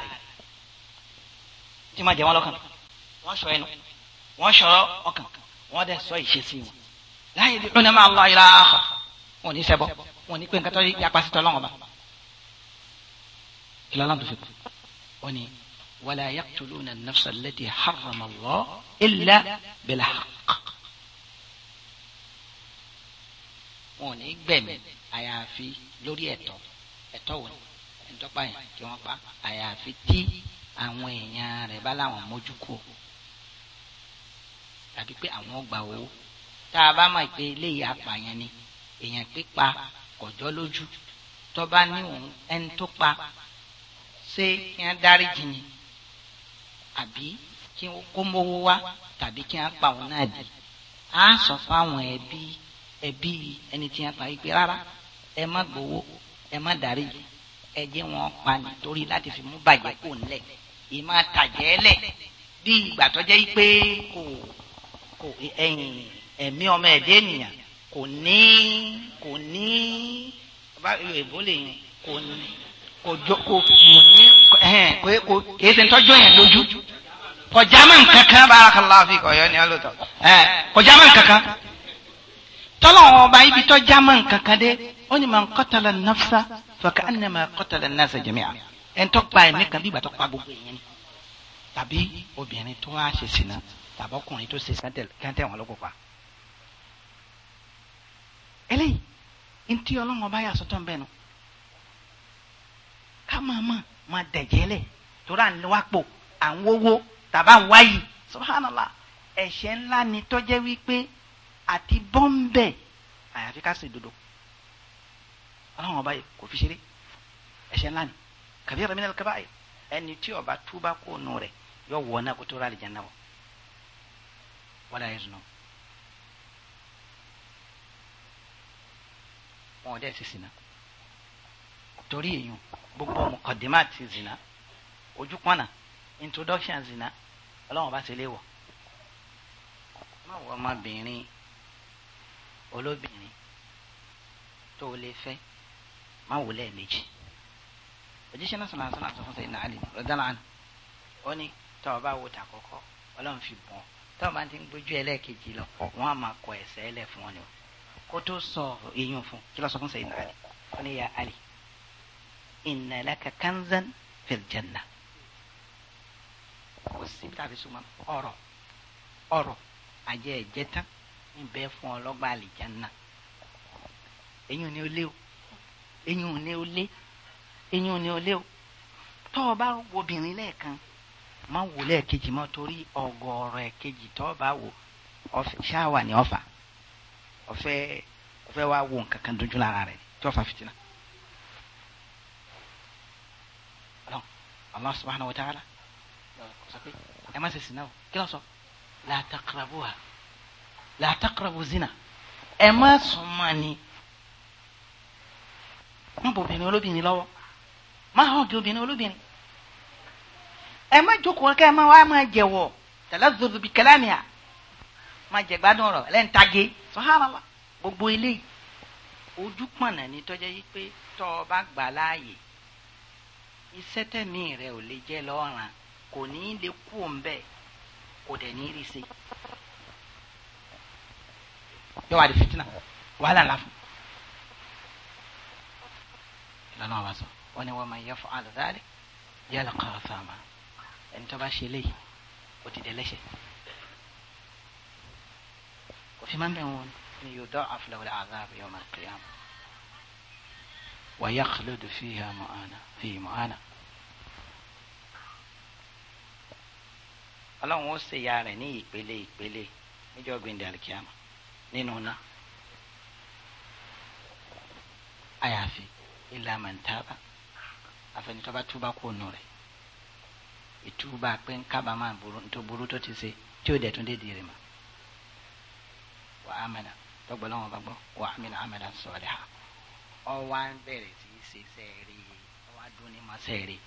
tí máa jẹ wọ́n lọ́kàn wọ́n sọ ẹnu wọ́n sọ̀rọ̀ ọkàn wọ́n dẹ̀ sọ ìṣesí wọn láyé bí ọ̀nà máa lọ ìlà àhà wọn ní ṣẹbọ wọn ní pé nǹkan tó yapa sí tọ́lọ́ ọba ìlànà tó fi kú wọn ni wàlàyé tulùnà nàfṣà lẹ́tì hàrọ̀mọ̀lọ́ ilà bẹ̀lẹ̀ hàk wọn ò ní gbẹ̀mí àyàfi lórí ẹ̀tọ́ ẹ̀tọ́ wò ni ẹ̀ńtọ́pá yẹn kí wọ́n pa àyàfi tí àwọn èèyàn rẹ̀ bá láwọn mójú tàbí pé àwọn gba owó tá a bá mọ̀ pé eléyìí apààyàn ni èèyàn pípa kọjọ́ lójú tọ́ba ní òun ẹni tó pa ṣé kí wọ́n dáríjì ni àbí kí wọ́n kó mówó wá tàbí kí wọ́n pa òun náà dì á sọ fáwọn ẹbí ẹbí ẹni tí wọn fà yí pé rárá ẹ má gbowó ẹ má darí ẹ jẹ́ wọn pa nítorí láti fi mú bàjẹ́ kò ńlẹ̀ ì má tàjẹ́ lẹ̀ bí ìgbà tó jẹ́ pé kò kò ẹ̀yìn ẹ̀mí ọmọ ẹ̀dẹ́ ènìyàn kò ní kò ní èbó lè yẹn kò ní kò jọ kò ní kò kìí ṣe ń tọ́jú yẹn lójú kò jámà nǹkan kan bárakàlá kò yọ ní ọlọ́tọ̀ kò jámà nǹkan tọ́lọ́wọ́n ọba ibi tó já mọ́ nǹkan kan dé ó ní man qatala nafsa faka annama qatala nasa jami'a ẹ̀ ń tọ́ pa ẹ̀mí kan bí ìgbà tó pa gbogbo èèyàn ni tàbí obìnrin tó wá ṣe sìnà tàbí ọkùnrin tó ṣe kẹ́ńtẹ́ wọn lọ́kọ̀ pa. eléyìí ntí ọlọ́wọ́n ọba yà sọ́tọ̀ nbẹ́nu ká máa mọ̀ máa dẹ̀jẹ́lẹ̀ torí ń wá pò à ń wówó tàbá ń wáyì subhanallah ẹ̀ṣẹ̀ ńlá ni tó wípé àti bọ́ńbẹ́ àyàfi ká sì dodo ọlọ́run ọba yìí kò fi ṣeré ẹ̀ṣẹ̀ ńlá ni kàbí ẹ̀rọ mìíràn kaba yìí ẹni tí ọba túbá kó nù rẹ̀ yọ wọ̀ náà kó tó rà lìjẹ́ náà wọ́n láyé zùnú. wọn dẹ́ ṣe sìnà torí èèyàn gbogbo mukaddimat ti zina ojú pọ́nà introduction zina ọlọ́run ọba ṣe léwọ̀ ọmọ ọmọbìnrin olóbìnrin tó o lè fẹ́ má wò lẹ́ẹ̀mejì òjíṣẹ́ náà sọ̀rọ̀ àṣọ àṣọ fún sẹ́yìn náà àlè rọ̀dánà àná ó ní tá a bá wo tà kọ́kọ́ ọlọ́run fi bọ̀ tá a bá ti ń gbójú ẹlẹ́ẹ̀kejì lọ wọ́n á máa kọ ẹ̀sẹ̀ ẹlẹ́ fún wọn ni o kó tó sọ eyín fún kí ló sọ fún sẹ́yìn náà àlè ó ní ya àlè inna laka kanzan fil kò síbi tàbí súnmọ́ ọ̀rọ̀ ọ̀rọ̀ àjẹ́ ẹ̀jẹ̀ tán ń bẹ fún ọ lọ́gbà àlìjáná eyín ò ní ó lé o eyín ò ní ó lé eyín ò ní ó lé o tọ́ ọ bá wo obìnrin lẹ́ẹ̀kan má wò lẹ́ẹ̀kejì mọ́ torí ọgọ́rọ̀ ẹ̀kejì tọ́ ọ bá wò ṣáà wà ní ọ̀fà ọ̀fẹ́ ọ̀fẹ́ wa wo nǹkan kan dojú lára rẹ̀ tí ọ̀fà fìtínà. Allah subhanahu wa ta'ala ẹ má ṣe sìnà o kí ló sọ la taqrabuha. la taqrabu zina ẹ má súnmọ́ ni má bọ obìnrin olóbìnrin lọ́wọ́ má hàn kí obìnrin olóbìnrin ẹ má jókòó kẹ ẹ má wá má jẹwọ tẹlẹ ma bi kẹlẹ mi à má jẹ gbádùn rọ sọ́hánàlá gbogbo eléyìí ojú pọ̀nà ni tọ́jẹ́ yí pé tọ́ ọ bá gbà láàyè iṣẹ́ tẹ̀mí rẹ ò lè jẹ́ lọ́ràn kò ní í lè kú òun bẹ́ẹ̀ kò dẹ̀ ní í يوعد الفتنة وهذا العفو لا لا بس ومن يفعل ذلك يلقى ثاما انت باشي لي وتدلشي وفي من يقول يضعف له العذاب يوم القيامة ويخلد فيها معانا في معانا الله موسى يعني يقبلي يقبلي يجوا بين يا القيامه nínú náà àyàfi illa man taba àfẹnitọ́ bá túbà kó nù rẹ̀ ìtúbà pé ń kábàámà tó burú tó ti ṣe tí ó dẹ̀ tún dé dìrì mà wà á mẹ́nà tọ́gbọ́ lọ́wọ́ bá gbọ́ wà á mẹ́nà àmẹ́nà sọ̀rọ̀ ha ọ wá ń bẹ̀rẹ̀ sí í ṣe sẹ́ẹ̀rì ọ wá dún ní ma sẹ́ẹ̀rì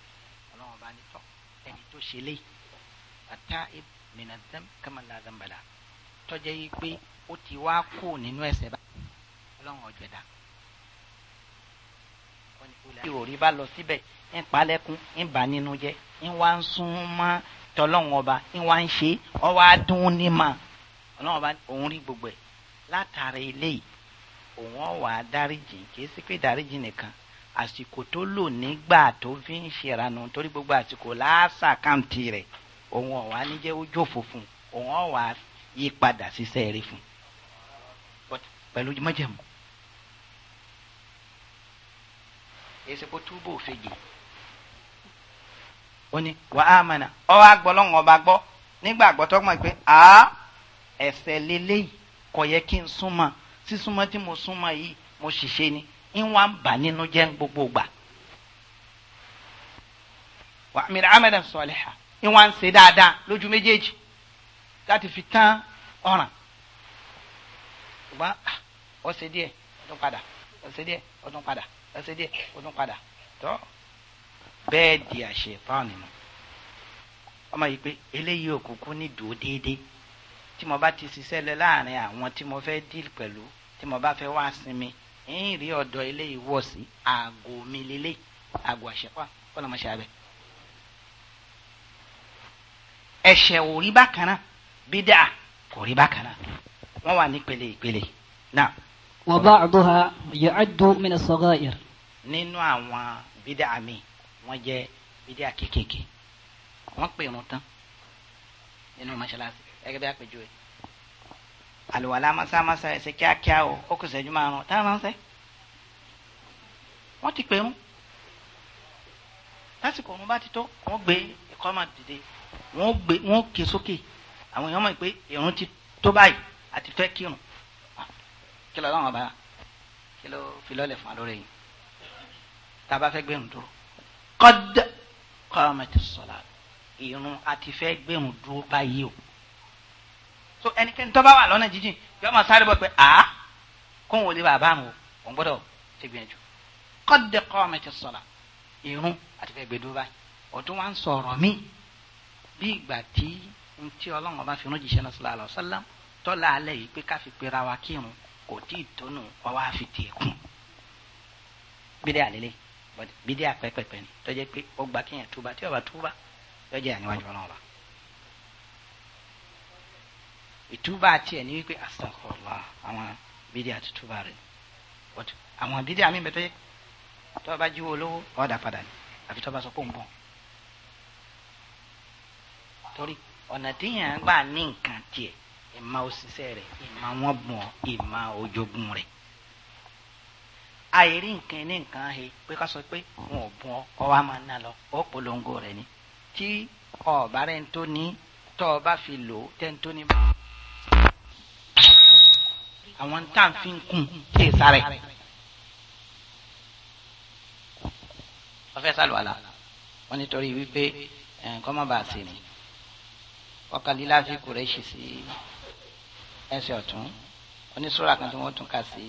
ọlọ́wọ́ bá ní tọ́ ẹni tó ṣe lé ata mina dam kama la dam tọjẹ yìí pé ó ti wá kó nínú ẹsẹ̀ bá Ọlọ́run ọjọdà ìròrí bá lọ síbẹ̀ ń palẹ̀kùn ń bà nínú jẹ́ ń wá ń sún mọ́ tọlọ́run ọba ń wá ń ṣe ọ wá dún ní mà Ọlọ́run ọba òun rí gbogbo ẹ̀ látara eléyìí òun ọ̀wà dáríjì kìí sí pé dáríjì nìkan àsìkò tó lò nígbà tó fi ń ṣèrànù torí gbogbo àsìkò láásà kàǹtì rẹ̀ òun ọ̀wà níjẹ́ ó jòfò òun ọ̀wà yí padà sí sẹ́ẹ̀rí fún pẹ̀lú májẹ̀mú. èsìkò túbò fèjì ó ní wà á mọ̀nà ọwọ́ agbọ́lọ́hún ọba gbọ́ nígbà àgbọ̀tọ́ mọ̀ pé a lélẹ́yìí yẹ kí n súnmọ́ sísúnmọ́ tí mo súnmọ́ yìí mo ṣìṣe ni ị ń bà nínú jẹ́ gbogbo gbà. wà á mìíràn láti fi tán ọ̀ràn ṣùgbọ́n ọ̀sẹ̀ díẹ̀ ọdún padà ọ̀sẹ̀ díẹ̀ ọdún padà ọ̀sẹ̀ díẹ̀ ọdún padà tọ́ bẹ́ẹ̀ di àṣẹ fáwọn nínú ọmọ yìí pé eléyìí òkùnkùn ní dùn ó déédéé tí mo bá ti ṣiṣẹ́ lẹ láàrin àwọn tí mo fẹ́ díl pẹ̀lú tí mo bá fẹ́ wá sinmi ń rí ọ̀dọ̀ eléyìí wọ̀ sí aago mi lélẹ̀ aago àṣẹpá kọ́nà mọ́ṣẹ́ abẹ. ẹ̀ṣẹ̀ ò rí bákan náà bídà kò rí bákan náà wọ́n wà ní pele ìpele náà. wa ba'duha yu'addu min as-sagha'ir. nínú àwọn bídà mi wọ́n jẹ́ bídà kéékèèké wọ́n pè irun tán nínú mọ́ṣáláṣí gẹ́gẹ́ bí àpèjúwe àlùwàlá masámasá ẹsẹ̀ kíákíá o ó kù sẹ́jú márùn-ún tá a máa ti pè irun lásìkò òun bá ti tó wọ́n gbé ẹ̀kọ́ máa dìde wọ́n gbé wọ́n ké sókè àwọn èèyàn mọ̀ pé irun ti tó báyìí àti fẹ́ kírun kí lọ lọ́wọ́ bá kí ló fi lọ́lẹ̀ fún alóore yìí tá a bá fẹ́ gbẹ̀rún dúró qad qamatis salat irun àti fẹ́ gbẹ̀rún dúró báyìí o so ẹnikẹ́ni tó bá wà lọ́nà jíjìn yọ ọmọ sáré bọ̀ pé a kó wọn ò lè bá a bá wọn o òun gbọ́dọ̀ ṣe gbìyànjú qad qamatis salat irun àti fẹ́ gbẹ̀rún dúró báyìí ọ̀tún wa ń sọ̀rọ̀ mí bí ìgbà tí ntí ọlọ́run ọba fi ránjì sẹ́nà sallallahu alaihi wasallam tọ́lá alẹ́ yìí pé ká fi pera wa kírun kò tí ì tónú ọwọ́ àfi tiẹ̀ kún bídẹ́ àlélẹ́ bídẹ́ àpẹ́pẹ́pẹ́ ni tọ́jẹ́ pé ó gba kéèyàn túbà tí ọba túbà yọjẹ́ àníwájú ọlọ́run ọba. ìtúbà tiẹ̀ ní wípé astaghfirullah àwọn bídẹ́ àtútúbà rẹ̀ àwọn bídẹ́ àmì bẹ́tọ́ yẹ tọ́ba jíwó olówó ọ̀dà padà ni àfi tọ́ba sọ pé ń bọ̀ torí ọ̀nà téèyàn gbà ní nǹkan tiẹ̀ ìmọ̀ òṣìṣẹ́ rẹ̀ ìmọ̀ wọn bùn ọ́ ìmọ̀ ojogun rẹ̀ àìrí nǹkan ní nǹkan he pé ká sọ pé wọn ò bùn ọ́ ọ wá máa ná lọ ó polongo rẹ̀ ni tí ọ̀ọ́bá rẹ̀ ń tó ní tọ́ ọ bá fi lò ó tẹ́ ń tó ní àwọn tá à ń fi kún kí èsà rẹ̀ wọ́n fẹ́ sálùwàlà wọ́n nítorí wípé nǹkan má bàa sí ni ọkàlélá fi kùrẹ́ṣì sí ẹsẹ̀ ọ̀tún onísúra kan tí wọ́n tún kà sí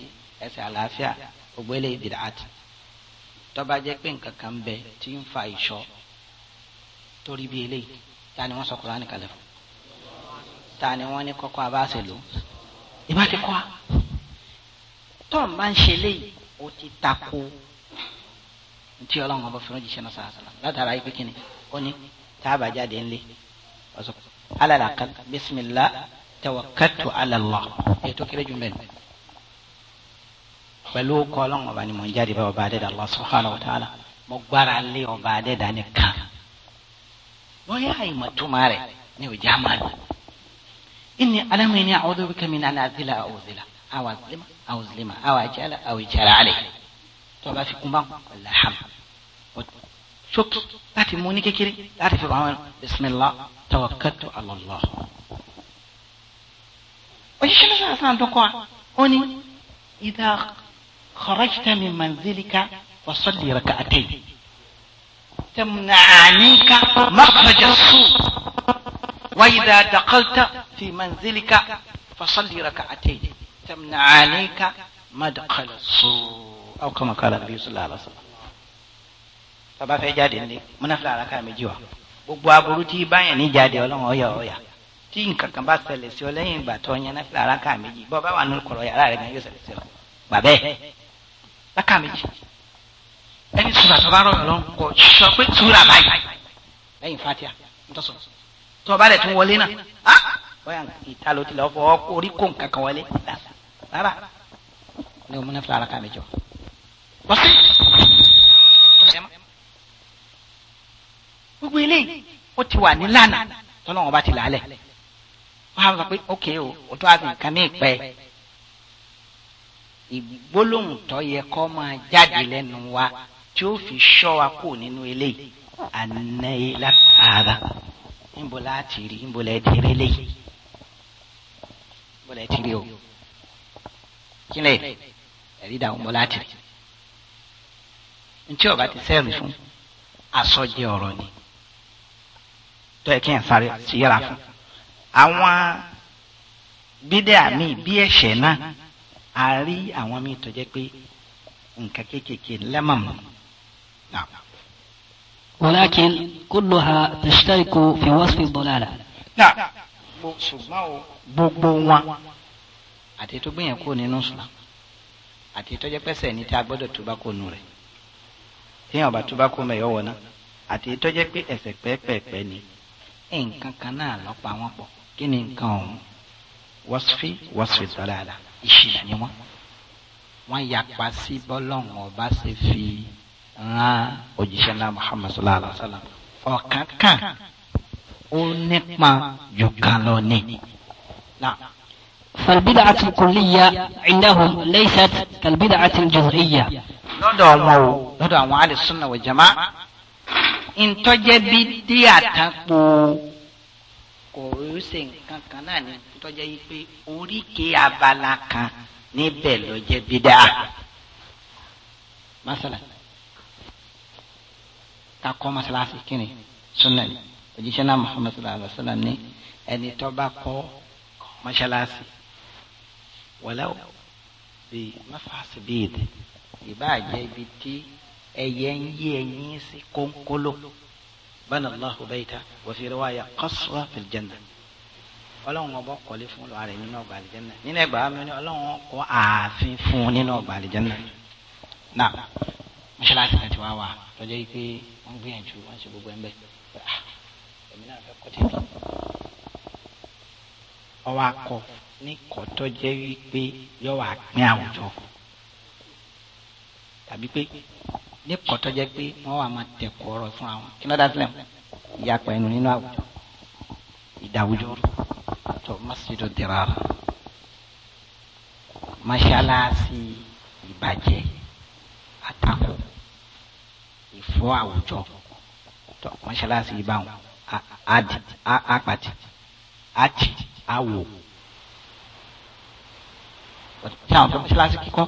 ẹsẹ̀ àlàáfíà ògbélé ìbìdàt tọ́ba jẹ́ pé nǹkan kan bẹ tí ń fa ìṣọ́ torí bí eléyìí ta ni wọ́n sọ Kùránì kalẹ̀ fún ta ni wọ́n ní kọ́kọ́ abáṣe lò ìbá ti kọ́ a tọ́n bá ń ṣe léyìí ó ti tako ntí ọlọ́run ọba fún ojúṣe náà sàásàlá látara ayé ó ní tá a bá jáde ńlẹ̀ ọ̀sọ̀kọ̀ ala la kal bisimilah tawakkaltu ala Allah ètò kéré jù mbẹ pẹ̀lú kọlọn ọba ni mo ń jáde bá ọba adẹ́dàá Allah subhanahu wa ta'ala mo gbára lé ọba adẹ́dàá nìkan bóyá àyèmọ̀túmọ̀ rẹ̀ ni ò já máa lò inni alama ni a'udhu bika min an azila awzila aw azlima aw zlima aw ajala aw jala ale tó o bá fi kún bá wọn alhamdulilayi. شكر أتي مونيكي كيري أعرف بعمل بسم الله توكلت على الله وإيش أنا أصلا دقوا أني إذا خرجت من منزلك وصلي ركعتين تمنعنيك مخرج السوء وإذا دخلت في منزلك فصلي ركعتين تمنعنيك مدخل السوء أو كما قال النبي صلى الله عليه وسلم tọba fẹ́ jáde nílé múnáfíà àràkà méjì wa gbogbo aburú tí báyẹn ní jáde ọlọ́run ọyọ ọyà tí nǹkan kan bá ṣẹlẹ̀ sí ọ lẹ́yìn ìgbà tó yan náfíà àràkà méjì bọ́ bá wà nínú kọ̀rọ̀ yàrá rẹ̀ náà yóò ṣẹlẹ̀ sí ọ gbà bẹ́ẹ̀ rákà méjì ẹni sùúrà tọba rọ̀ lọ́n kọ sọ pé sùúrà báyìí lẹ́yìn fatia ntọ́sọ tọba rẹ̀ tún wọlé náà ah bóyá ìta ló ti lọ fọ orí kó nǹkan kan wọlé rárá ni òun náfíà àràkà méjì wa. wọ́n gbogbo eléyìí ó ti wà ní lánàá tọ́lọ́wọ́n bá ti làálẹ̀ wọ́n á sọ pé ok o ò tún àfi nǹkan mí pẹ́ ìgbólóhùn tó yẹ kó máa jáde lẹ́nu wa tí ó fi ṣọ́ wa kù nínú eléyìí ànáyé látara níbo láti rí níbo lẹ́ ti rí eléyìí níbo lẹ́ ti rí o kílẹ̀ ẹ̀rí dàrú níbo láti rí ntí ọba ti sẹ́ẹ̀rì fún asọ́jẹ́ ọ̀rọ̀ ni. tó yẹ kéèyàn sáré yẹra fún àwọn bídíà míì bí ẹ̀ṣẹ̀ náà a rí àwọn míì tó pé nǹkan kéékèèké lẹ́mọ̀mọ́. ولكن كلها تشترك في وصف الضلالة. gbogbo wọn àti tó gbìyànjú kó nínú sùn àti tó jẹ́ pẹ́sẹ̀ ní tí a gbọ́dọ̀ tó bá kó nù Eh, nǹkan kan náà ló pa wọ́n pọ̀ kí ni nǹkan ọ̀hún wasfi wasfi dalala ìṣìnà ni wọ́n wọ́n yapa sí bọ́lọ́hún ọba ṣe fi rán òjíṣẹ́ náà muhammad sallallahu alaihi wa sallam ọ̀kan kan ó nípa jù lọ ní. فالبدعة الكلية عندهم ليست كالبدعة الجزئية. lọ́dọ̀ wọn o lọ́dọ̀ àwọn alẹ́ sunna ntọ́jẹ́ bí dí àtàkpò kò ó ṣe nǹkan kan náà ní ntọ́jẹ́ yìí pé oríkèé abala kan níbẹ̀ lọ́jẹ́ bí dá. masala ta kọ́ masalasi kini sunan òjíṣẹ́ náà muhammad sallallahu alaihi wa sallam ní ẹni tó bá kọ́ masalasi wàlẹ́ bi mafasibiid ìbá jẹ́ ibi tí ẹyẹ ń yí ẹyin sí kónkóló bana allahu bayta wa fi riwaya qasra fil janna ọlọ́run ọba kọ́lé fún lọ́wọ́ rẹ̀ nínú ọgbà àlìjẹ́nà nínú ẹgbàá mi ni ọlọ́run kọ́ ààfin fún un nínú ọgbà àlìjẹ́nà náà mọ́ṣáláṣí kan ti wá wà lọ́jọ́ yìí pé wọ́n gbìyànjú wọ́n ṣe gbogbo ẹ̀ ń ah, náà fẹ́ kọ́ tẹ̀lé ọwọ́ akọ ní kọ́tọ́ jẹ́ wípé yọ wà pín àwùjọ tàbí pé lẹ́kọ̀ọ́ tó jẹ́ pé wọ́n wà máa tẹ̀kọ̀ ọ̀rọ̀ fún àwọn kí lọ́dà sílẹ̀ ìyapa ẹnu nínú àwùjọ ìdàwùjọ tó masjidu dirar mọ́ṣáláṣí ìbàjẹ́ àtakò ìfọ́ àwùjọ tó mọ́ṣáláṣí ìbáwọn àpàtì àti àwò tí àwọn tó mọ́ṣáláṣí kíkọ́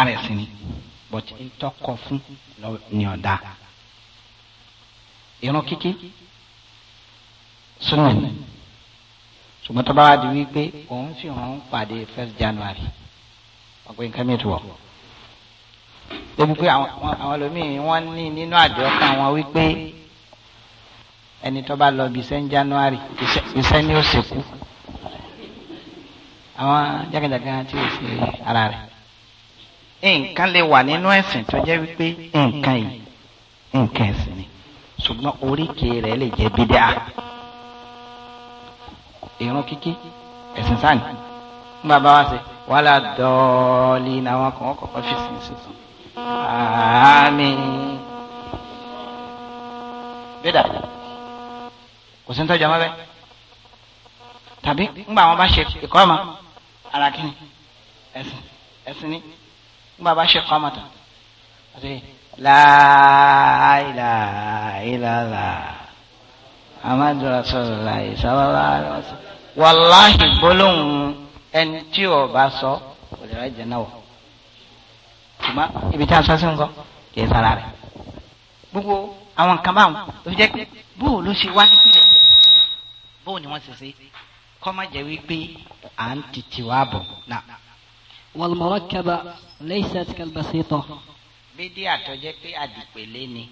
ara ẹ̀sìn ni but ntọ́kọ fún ni ọ̀dà irun kíkí súnmọ̀ ni ṣùgbọ́n tó bá wá di wípé òun fi hàn pàdé first january ọ̀pọ̀ nǹkan mi tù wọ̀ débi pé àwọn ẹlòmíì wọ́n ní nínú àjọ kan wọn wípé ẹni tó bá lọ bí iṣẹ́ ní january iṣẹ́ ni ó ṣekú àwọn jákèjádé kan tí ò sí ara rẹ̀ nǹkan lè wà nínú ẹ̀sìn tó jẹ́ wípé nǹkan yìí nǹkan ẹ̀sìn ni ṣùgbọ́n oríkèé rẹ̀ lè jẹ́ bídà ìran kíkí ẹ̀sìn sáni ń bàbá wa ṣe wàhálà dọ́ọ̀lì làwọn kan kọ̀ọ̀kan fi sìn sí tán àmín bídà kò sí ń tọ́jú ọmọ bẹ́ẹ̀ tàbí ńgbà wọn bá ṣe ìkọ́ ọmọ ara kí ẹ̀sìn ẹ̀sìn ni nígbà bá ṣe kọ́mọ̀ tán àti láìláìláìlá amadu rasulillah ìsáwọ́lá wàláhì gbólóhùn ẹni tí ò bá sọ kò lè rájẹ náà wọ̀ ṣùgbọ́n ibi tí a sọ sí nǹkan kì í sára rẹ̀ gbogbo àwọn nǹkan báwọn ló fi jẹ́ pé bóò ló ṣe wá sílẹ̀ bóò ni wọ́n ṣe ṣe kọ́ má jẹ́ wípé à ń tètè wá bọ̀ náà. wal murakkaba. ليست كالبسيطة bídí àtọ́jẹ́ pé àdìpẹ̀lẹ́ ni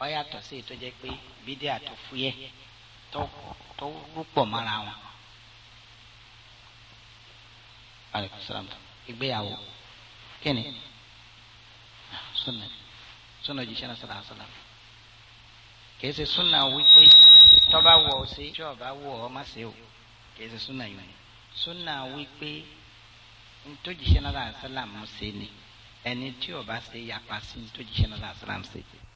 ó yàtọ̀ sí ìtọ́jẹ́ pé bídí àtọ́fúyẹ́ tó tó rúpọ̀ mọ́ra wọn. ìgbéyàwó kíni sunna sunna jíṣẹ́ náà sọ̀rọ̀ àṣọ̀lá kìí ṣe sunna wípé tọ́ba wọ̀ ọ́ sí tí ọba wọ̀ ọ́ má ṣe o kìí ntòjíṣẹ́ náà sálàmù ṣe ni ẹni tí ó bá ṣe yapa sí ntòjíṣẹ́ náà sálàmù ṣe.